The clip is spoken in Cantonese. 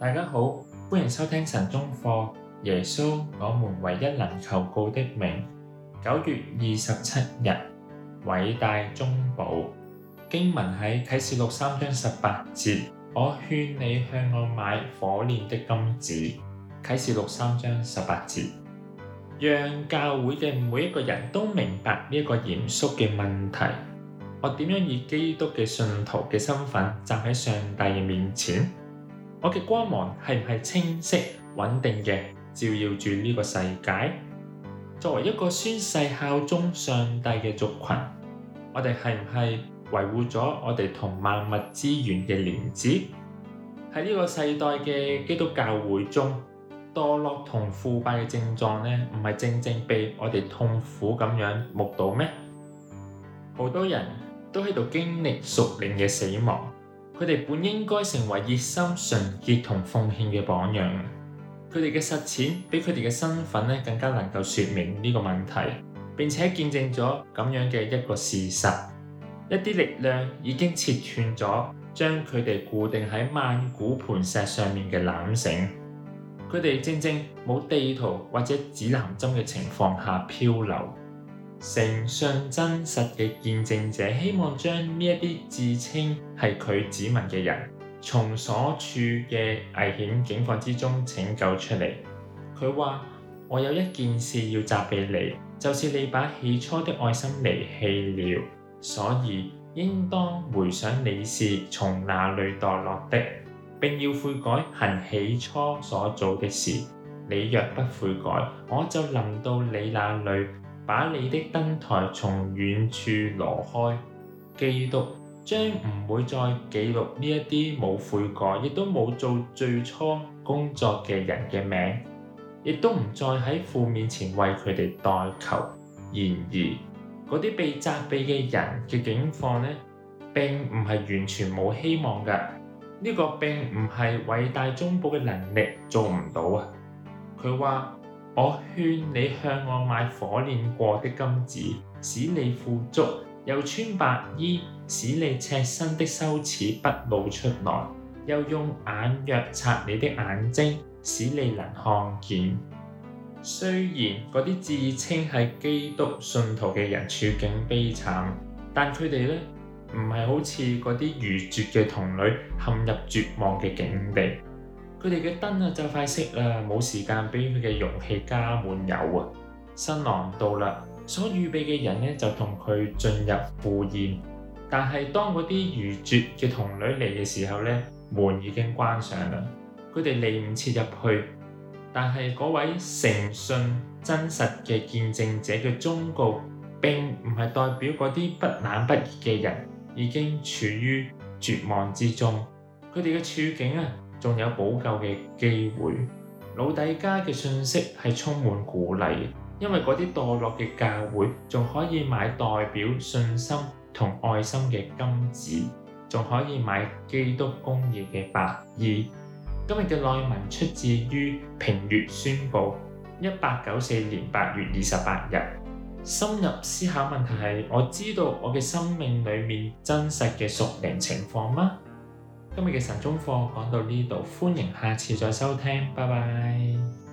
大家好，歡迎收聽晨鐘課。耶穌，我們唯一能求告的名。九月二十七日，偉大中保。經文喺啟示錄三章十八節。我勸你向我買火煉的金子，啟示錄三章十八節。讓教會嘅每一個人都明白呢一個嚴肅嘅問題：我點樣以基督嘅信徒嘅身份站喺上帝面前？我嘅光芒係唔係清晰穩定嘅，照耀住呢個世界？作為一個宣誓效忠上帝嘅族群，我哋係唔係維護咗我哋同萬物之源嘅連接？喺呢個世代嘅基督教會中，墮落同腐敗嘅症狀呢，唔係正正被我哋痛苦咁樣目睹咩？好多人都喺度經歷熟齡嘅死亡。佢哋本應該成為熱心、純潔同奉獻嘅榜樣啊！佢哋嘅實踐比佢哋嘅身份更加能夠説明呢個問題，並且見證咗咁樣嘅一個事實：一啲力量已經切斷咗將佢哋固定喺萬古磐石上面嘅纜繩，佢哋正正冇地圖或者指南針嘅情況下漂流。誠信真實嘅見證者希望將呢一啲自稱係佢子民嘅人，從所處嘅危險境況之中拯救出嚟。佢話：我有一件事要責備你，就是你把起初的愛心離棄了，所以應當回想你是從哪裏墮落的，並要悔改行起初所做的事。你若不悔改，我就臨到你那裏。把你的燈台從遠處挪開，基督將唔會再記錄呢一啲冇悔過亦都冇做最初工作嘅人嘅名，亦都唔再喺父面前為佢哋代求。然而，嗰啲被責備嘅人嘅境況呢，並唔係完全冇希望噶。呢、這個並唔係偉大中保嘅能力做唔到啊！佢話。.我勸你向我買火煉過的金子，使你富足；又穿白衣，使你赤身的羞恥不露出來；又用眼藥擦你的眼睛，使你能看見。雖然嗰啲自稱係基督信徒嘅人處境悲慘，但佢哋呢，唔係好似嗰啲愚拙嘅童女陷入絕望嘅境地。佢哋嘅燈就快熄啦，冇時間俾佢嘅容器加滿油。新郎到啦，所預備嘅人咧就同佢進入赴宴，但係當嗰啲愚拙嘅童女嚟嘅時候咧，門已經關上啦。佢哋嚟唔切入去，但係嗰位誠信真實嘅見證者嘅忠告並唔係代表嗰啲不冷不熱嘅人已經處於絕望之中，佢哋嘅處境啊。仲有補救嘅機會，老底嘉嘅信息係充滿鼓勵，因為嗰啲墮落嘅教會仲可以買代表信心同愛心嘅金子，仲可以買基督公義嘅白衣。今日嘅內文出自於《評閱宣報》，一八九四年八月二十八日。深入思考問題係：我知道我嘅生命裏面真實嘅屬靈情況嗎？今日嘅晨鐘課講到呢度，歡迎下次再收聽，拜拜。